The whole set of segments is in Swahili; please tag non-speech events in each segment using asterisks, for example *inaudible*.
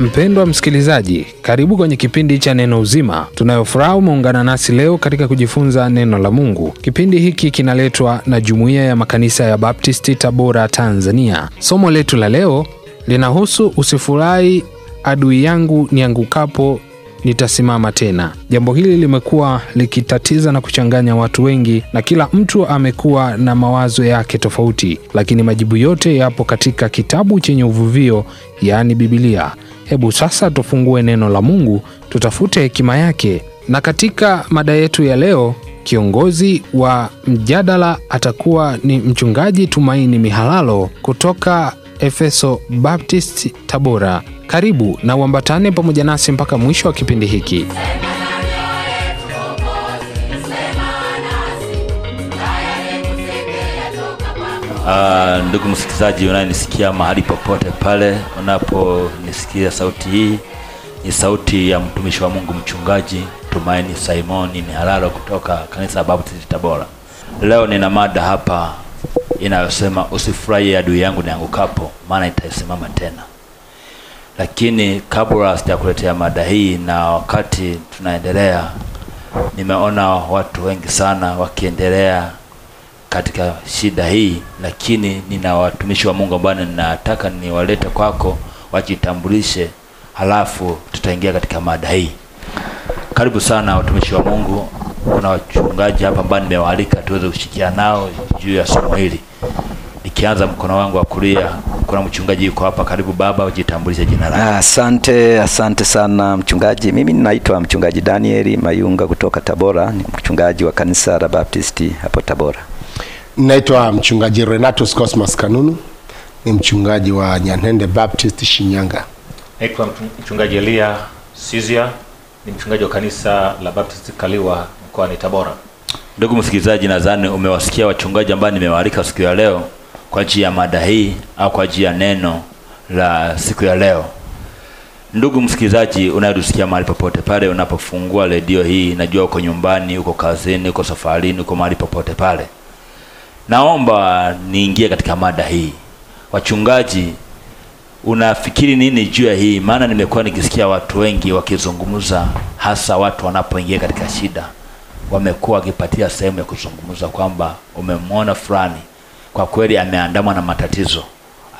Mpendwa msikilizaji, karibu kwenye kipindi cha Neno Uzima. Tunayofuraha umeungana nasi leo katika kujifunza neno la Mungu. Kipindi hiki kinaletwa na Jumuiya ya Makanisa ya Baptisti Tabora, Tanzania. Somo letu la leo linahusu usifurahi, adui yangu niangukapo nitasimama tena. Jambo hili limekuwa likitatiza na kuchanganya watu wengi, na kila mtu amekuwa na mawazo yake tofauti, lakini majibu yote yapo katika kitabu chenye uvuvio, yaani Bibilia. Hebu sasa tufungue neno la Mungu, tutafute hekima yake. Na katika mada yetu ya leo, kiongozi wa mjadala atakuwa ni Mchungaji Tumaini Mihalalo kutoka Efeso Baptist Tabora. Karibu na uambatane pamoja nasi mpaka mwisho wa kipindi hiki. Uh, ndugu msikilizaji unayenisikia mahali popote pale unaponisikia sauti hii, ni sauti ya mtumishi wa Mungu mchungaji Tumaini Simoni Mihalalo kutoka kanisa la Baptist Tabora. Leo nina mada hapa inayosema usifurahi adui yangu niangukapo, maana itaisimama tena. Lakini kabla sijakuletea mada hii na wakati tunaendelea, nimeona watu wengi sana wakiendelea katika shida hii, lakini nina watumishi wa Mungu ambao ninataka niwalete kwako wajitambulishe, halafu tutaingia katika mada hii. Karibu sana watumishi wa Mungu. Kuna wachungaji hapa ambao nimewaalika tuweze kushikia nao juu ya somo hili. Nikianza mkono wangu wa kulia, kuna mchungaji yuko hapa. Karibu baba, ujitambulishe jina lako. Asante, asante sana mchungaji. Mimi ninaitwa mchungaji Danieli Mayunga kutoka Tabora, ni mchungaji wa kanisa la Baptisti hapo Tabora. Naitwa mchungaji Renatus Cosmas Kanunu, ni mchungaji wa Nyanende Baptist Shinyanga. Naitwa mchungaji Elia Sizia, ni mchungaji wa kanisa la Baptist Kaliwa mkoani Tabora. Ndugu msikilizaji, nadhani umewasikia wachungaji ambao nimewaalika siku ya leo kwa ajili ya mada hii au kwa ajili ya neno la siku ya leo. Ndugu msikilizaji, unayedusikia mahali popote pale, unapofungua redio hii, najua uko nyumbani, uko kazini, uko safarini, uko mahali popote pale Naomba niingie katika mada hii. Wachungaji, unafikiri nini juu ya hii? Maana nimekuwa nikisikia watu wengi wakizungumza, hasa watu wanapoingia katika shida, wamekuwa wakipatia sehemu ya kuzungumza kwamba umemwona fulani, kwa kweli ameandamwa na matatizo,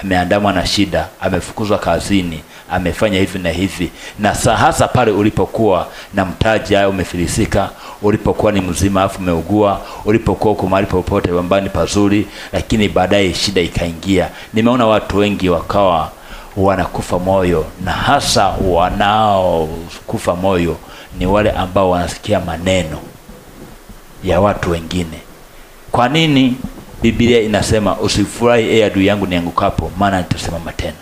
ameandamwa na shida, amefukuzwa kazini, amefanya hivi na hivi, na hasa pale ulipokuwa na mtaji au umefilisika, ulipokuwa ni mzima afu umeugua, ulipokuwa uko mahali popote pambani pazuri, lakini baadaye shida ikaingia. Nimeona watu wengi wakawa wanakufa moyo, na hasa wanaokufa moyo ni wale ambao wanasikia maneno ya watu wengine. Kwa nini Biblia inasema usifurahi, ee adui yangu niangukapo, maana nitasimama tena?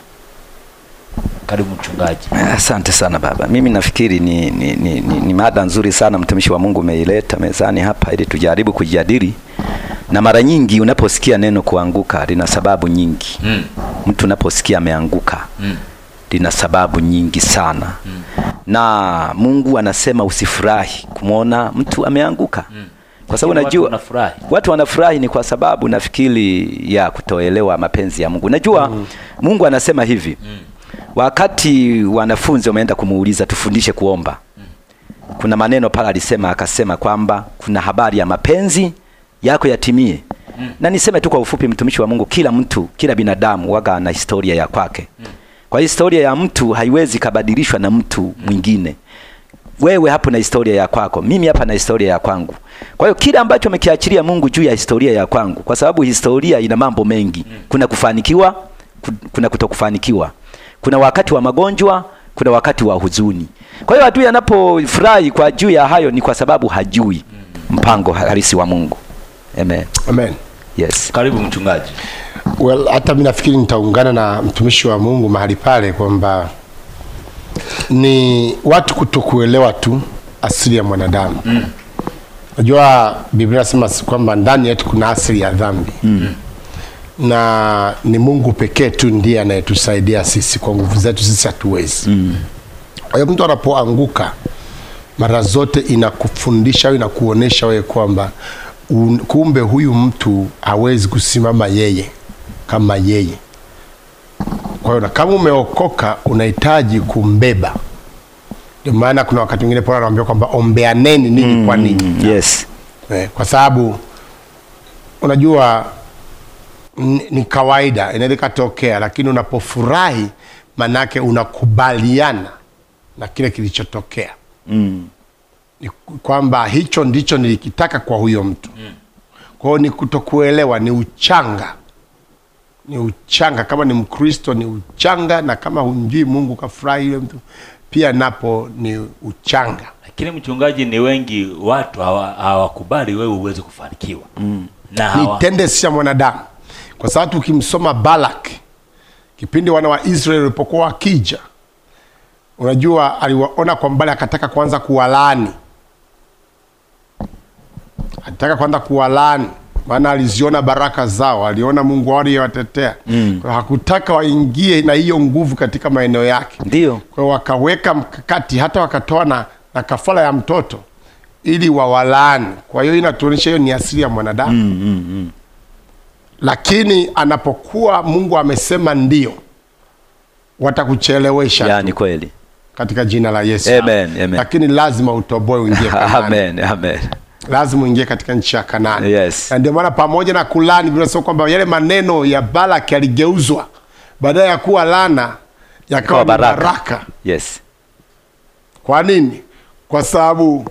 Karibu mchungaji. Ah, asante sana baba, mimi nafikiri ni, ni, ni, ni, ni mada nzuri sana mtumishi wa Mungu umeileta mezani hapa ili tujaribu kujadili, na mara nyingi unaposikia neno kuanguka lina sababu nyingi mm. Mtu unaposikia ameanguka mm. lina sababu nyingi sana mm. na Mungu anasema usifurahi kumwona mtu ameanguka mm kwa sababu najua watu, watu wanafurahi ni kwa sababu nafikiri ya kutoelewa mapenzi ya Mungu. Najua mm. Mungu anasema hivi mm. Wakati wanafunzi wameenda kumuuliza tufundishe kuomba, kuna maneno pale alisema, akasema kwamba kuna habari ya mapenzi yako yatimie. Na niseme tu kwa ufupi, mtumishi wa Mungu, kila mtu, kila binadamu waga na historia ya kwake. Kwa historia ya mtu haiwezi kabadilishwa na mtu mwingine. Wewe hapo na historia ya kwako, mimi hapa na historia ya kwangu. Kwa hiyo kila ambacho amekiachilia Mungu juu ya historia ya kwangu, kwa sababu historia ina mambo mengi, kuna kufanikiwa, kuna kutokufanikiwa kuna wakati wa magonjwa, kuna wakati wa huzuni. Kwa hiyo adui anapofurahi kwa juu ya hayo ni kwa sababu hajui mpango halisi wa Mungu. Amen. Amen. Yes. Karibu mchungaji. Well, hata mimi nafikiri nitaungana na mtumishi wa Mungu mahali pale kwamba ni watu kutokuelewa tu asili ya mwanadamu. Mm. Unajua mm. Biblia inasema kwamba ndani yetu kuna asili ya dhambi. Mm na ni Mungu pekee tu ndiye anayetusaidia sisi, kwa nguvu zetu sisi hatuwezi. mm. Kwa hiyo mtu anapoanguka mara zote inakufundisha au inakuonesha wewe kwamba kumbe huyu mtu hawezi kusimama yeye kama yeye. Kwa hiyo na kama umeokoka unahitaji kumbeba. Ndio maana kuna wakati mwingine Paulo anawaambia kwamba ombeaneni ninyi mm, kwa nini mm, yes. Eh, kwa sababu unajua ni kawaida, inaweza ikatokea, lakini unapofurahi manake unakubaliana na kile kilichotokea mm. Ni kwamba hicho ndicho nilikitaka kwa huyo mtu mm. Kwa hiyo ni kutokuelewa, ni uchanga, ni uchanga. Kama ni Mkristo ni uchanga, na kama humjui Mungu kafurahi yule mtu pia napo ni uchanga. Lakini mchungaji, ni wengi watu hawakubali hawa wewe uweze kufanikiwa mm. na hawa... ni tendensi ya mwanadamu kwa sababu ukimsoma balak kipindi wana wa israeli walipokuwa wakija unajua aliwaona kwa mbali akataka kuanza kuwalani alitaka kwanza kuwalani maana aliziona baraka zao aliona mungu wao aliyewatetea mm. hakutaka waingie na hiyo nguvu katika maeneo yake ndio kwa wakaweka mkakati hata wakatoa na, na kafara ya mtoto ili wawalani kwa hiyo inatuonyesha hiyo ni asili ya mwanadamu mm, mm, mm lakini anapokuwa Mungu amesema ndio, watakuchelewesha yani kweli, katika jina la Yesu amen, amen. Lakini lazima utoboe uingie *laughs* amen, amen. Lazima uingie katika nchi ya Kanani yes. Na ndio maana pamoja na kulani Biblia kwamba yale maneno ya bala yaligeuzwa baadaye ya kuwa lana yakawa baraka, baraka. Yes. Kwa nini? Kwa sababu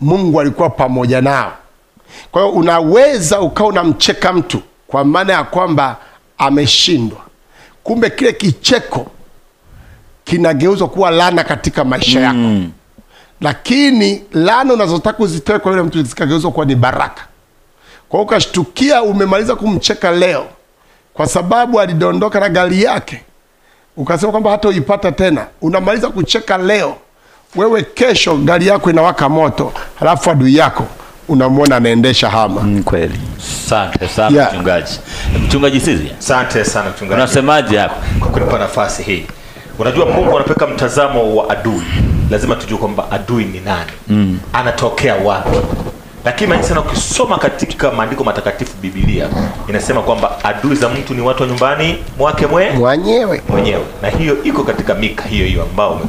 Mungu alikuwa pamoja nao. Kwa hiyo unaweza ukawa unamcheka mtu kwa maana ya kwamba ameshindwa. Kumbe kile kicheko kinageuzwa kuwa laana katika maisha yako mm. Lakini laana unazotaka uzitoe kwa yule mtu zikageuzwa kuwa ni baraka. Kwa hiyo ukashtukia umemaliza kumcheka leo kwa sababu alidondoka na gari yake, ukasema kwamba hata uipata tena. Unamaliza kucheka leo, wewe kesho gari yako inawaka moto, halafu adui yako unamwona anaendesha hama. Mm, kweli. Asante sana yeah. Mchungaji. Mchungaji sisi, Asante sana mchungaji. Unasemaje hapa kwa kunipa nafasi hii? Unajua Mungu anapeka mtazamo wa adui. Lazima tujue kwamba adui ni nani. Mm. Anatokea wapi? Lakini maana sana ukisoma katika maandiko matakatifu Biblia inasema kwamba adui za mtu ni watu wa nyumbani mwake mwe mwenyewe. Mwenyewe. Na hiyo iko katika Mika hiyo hiyo ambao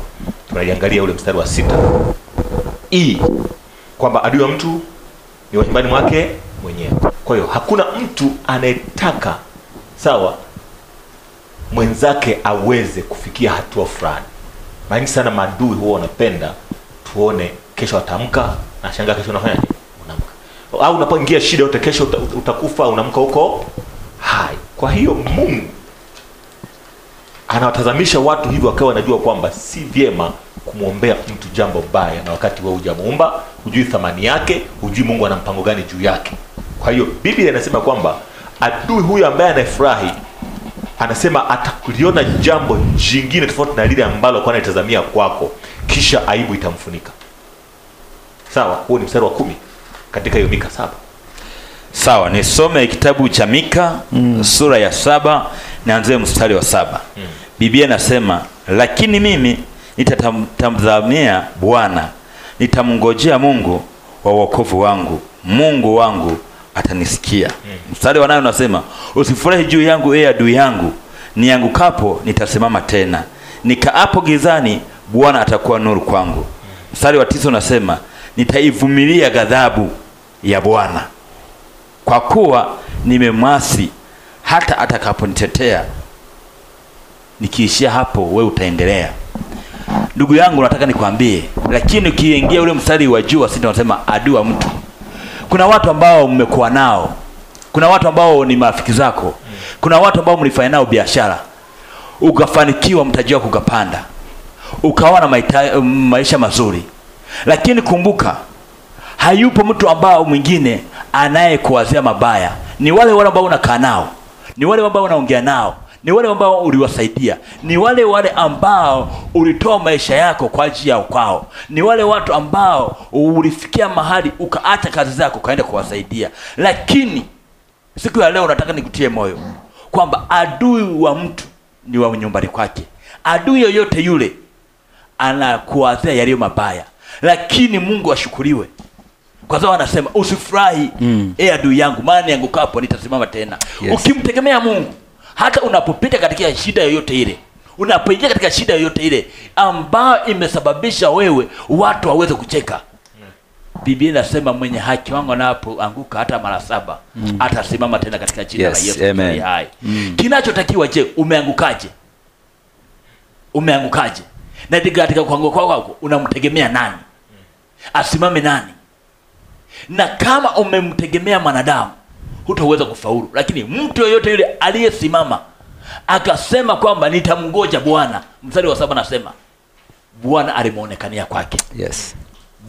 tunaiangalia ule mstari wa sita. i kwamba adui wa mtu ni nyumbani mwake mwenyewe. Kwa hiyo hakuna mtu anayetaka sawa mwenzake aweze kufikia hatua fulani. Mara sana madui huwa wanapenda tuone kesho atamka na kesho unafanya unamka Au unapoingia shida yote kesho utakufa unamka huko hai. Kwa hiyo Mungu anawatazamisha watu hivyo wakawa wanajua kwamba si vyema kumwombea mtu jambo baya na wakati wewe hujamuumba hujui thamani yake, hujui Mungu ana mpango gani juu yake. Kwa hiyo Biblia inasema kwamba adui huyu ambaye anafurahi anasema atakuliona jambo jingine tofauti na lile ambalo kwa analitazamia kwako, kisha aibu itamfunika. Sawa, huo ni mstari wa kumi katika hiyo Mika saba. Sawa, nisome kitabu cha Mika mm. sura ya saba nianzie mstari wa saba mm. Biblia inasema lakini mimi nitatamdhamia Bwana nitamngojea Mungu wa wokovu wangu, Mungu wangu atanisikia. Hmm. Mstari wa nane unasema usifurahi juu yangu, ee adui yangu, niangukapo nitasimama tena, nikaapo gizani, Bwana atakuwa nuru kwangu. Hmm. Mstari wa tisa unasema nitaivumilia ghadhabu ya Bwana kwa kuwa nimemwasi, hata atakaponitetea. Nikiishia hapo, we utaendelea Ndugu yangu, nataka nikwambie, lakini ukiingia ule mstari wa juu, sita unasema adui wa mtu. Kuna watu ambao mmekuwa nao, kuna watu ambao ni marafiki zako, kuna watu ambao mlifanya nao biashara, ukafanikiwa, mtaji wako ukapanda, ukawa na maita, maisha mazuri, lakini kumbuka, hayupo mtu ambao mwingine anayekuwazia mabaya. Ni wale wale ambao unakaa nao, ni wale ambao unaongea nao ni wale ambao uliwasaidia, ni wale wale ambao ulitoa maisha yako kwa ajili ya kwao, ni wale watu ambao ulifikia mahali ukaacha kazi zako ukaenda kuwasaidia. Lakini siku ya leo nataka nikutie moyo kwamba adui wa mtu ni wa nyumbani kwake. Adui yoyote yule anakuwazia yaliyo mabaya, lakini Mungu ashukuriwe kwa sababu anasema usifurahi, mm. e adui yangu, maana niangukapo nitasimama tena. Yes. Ukimtegemea Mungu hata unapopita katika shida yoyote ile, unapoingia katika shida yoyote ile ambayo imesababisha wewe watu waweze kucheka mm. Biblia inasema mwenye haki wangu anapoanguka hata mara saba mm. atasimama tena katika jina yes, la Yesu hai. Mm. Kinachotakiwa je, umeangukaje? Umeangukaje? Na katika kuanguka kwako kwa unamtegemea nani? Asimame nani? Na kama umemtegemea mwanadamu hutaweza kufaulu. Lakini mtu yoyote yule aliyesimama akasema kwamba nitamngoja Bwana, mstari wa saba anasema Bwana alimuonekania kwake. Yes.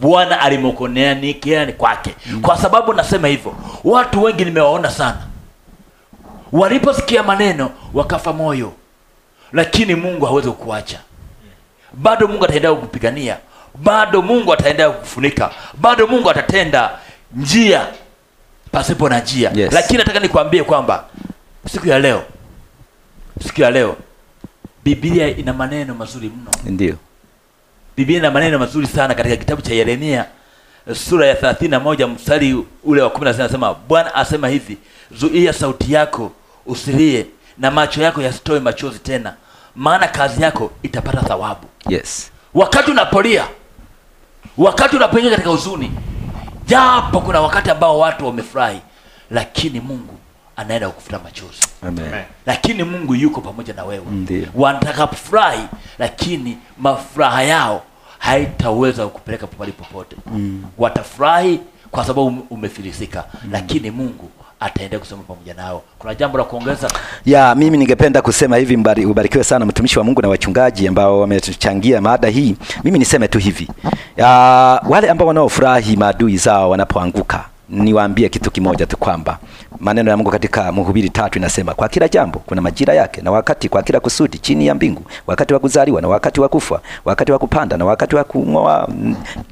Bwana alimokonea alimwonekania kwake mm. Kwa sababu nasema hivyo, watu wengi nimewaona sana, waliposikia maneno wakafa moyo, lakini Mungu hawezi kukuacha bado. Mungu ataendelea kukupigania bado, Mungu ataendelea kukufunika bado, Mungu atatenda njia pasipo na njia yes. Lakini nataka nikwambie kwamba siku ya leo, siku ya leo Biblia ina maneno mazuri mno, ndio Biblia ina maneno mazuri sana. Katika kitabu cha Yeremia eh, sura ya 31 mstari ule wa 16 anasema, Bwana asema hivi, zuia sauti yako usilie, na macho yako yasitoe machozi tena, maana kazi yako itapata thawabu. Yes, wakati unapolia, wakati unapoingia katika huzuni japo kuna wakati ambao watu wamefurahi lakini mungu anaenda kukufuta machozi lakini mungu yuko pamoja na wewe wanataka kufurahi lakini mafuraha yao haitaweza kupeleka pali popote mm. watafurahi kwa sababu umefilisika mm. lakini mungu ataendelea kusoma pamoja nao. Kuna jambo la kuongeza? Ya, mimi ningependa kusema hivi, mbari, ubarikiwe sana mtumishi wa Mungu na wachungaji ambao wametuchangia mada hii. Mimi niseme tu hivi. Ya, wale ambao wanaofurahi maadui zao wanapoanguka niwaambie kitu kimoja tu kwamba maneno ya Mungu katika Mhubiri tatu inasema kwa kila jambo kuna majira yake na wakati, kwa kila kusudi chini ya mbingu, wakati wa kuzaliwa na wakati wa kufa, wakati wa kupanda na wakati wa kung'oa.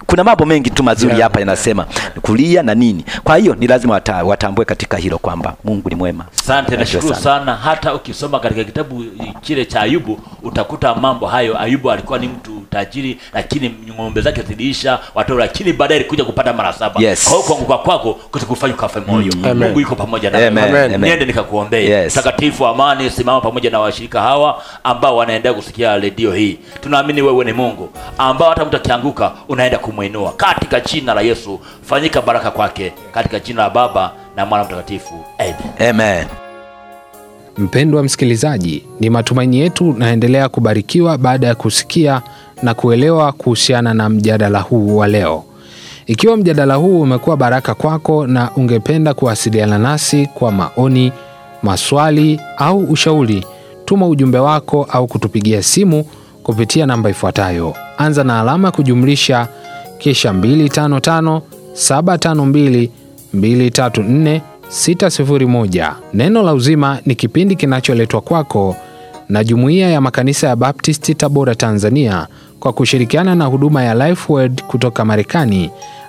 Kuna mambo mengi tu mazuri yeah, hapa inasema kulia na nini. Kwa hiyo ni lazima wata, watambue katika hilo kwamba Mungu ni mwema. Asante, nashukuru sana. Sana hata ukisoma katika kitabu kile cha Ayubu utakuta mambo hayo. Ayubu alikuwa ni mtu tajiri, lakini ng'ombe zake ziliisha, watoto, lakini baadaye alikuja kupata mara saba. Yes. Kwa hiyo kuanguka kwako wako kutukufanya ukafe moyo. Mm-hmm. Mungu yuko pamoja nawe. Niende nikakuombee. wa amani, simama pamoja na washirika hawa ambao wanaendelea kusikia redio hii. Tunaamini wewe ni Mungu ambao hata mtu akianguka unaenda kumwinua. Katika jina la Yesu, fanyika baraka kwake katika jina la Baba na Mwana Mtakatifu. Amen. Amen. Mpendwa msikilizaji, ni matumaini yetu naendelea kubarikiwa baada ya kusikia na kuelewa kuhusiana na mjadala huu wa leo. Ikiwa mjadala huu umekuwa baraka kwako na ungependa kuwasiliana nasi kwa maoni, maswali au ushauri, tuma ujumbe wako au kutupigia simu kupitia namba ifuatayo: anza na alama kujumlisha kisha 255 Neno la Uzima ni kipindi kinacholetwa kwako na Jumuiya ya Makanisa ya Baptisti Tabora, Tanzania, kwa kushirikiana na huduma ya Lifeword kutoka Marekani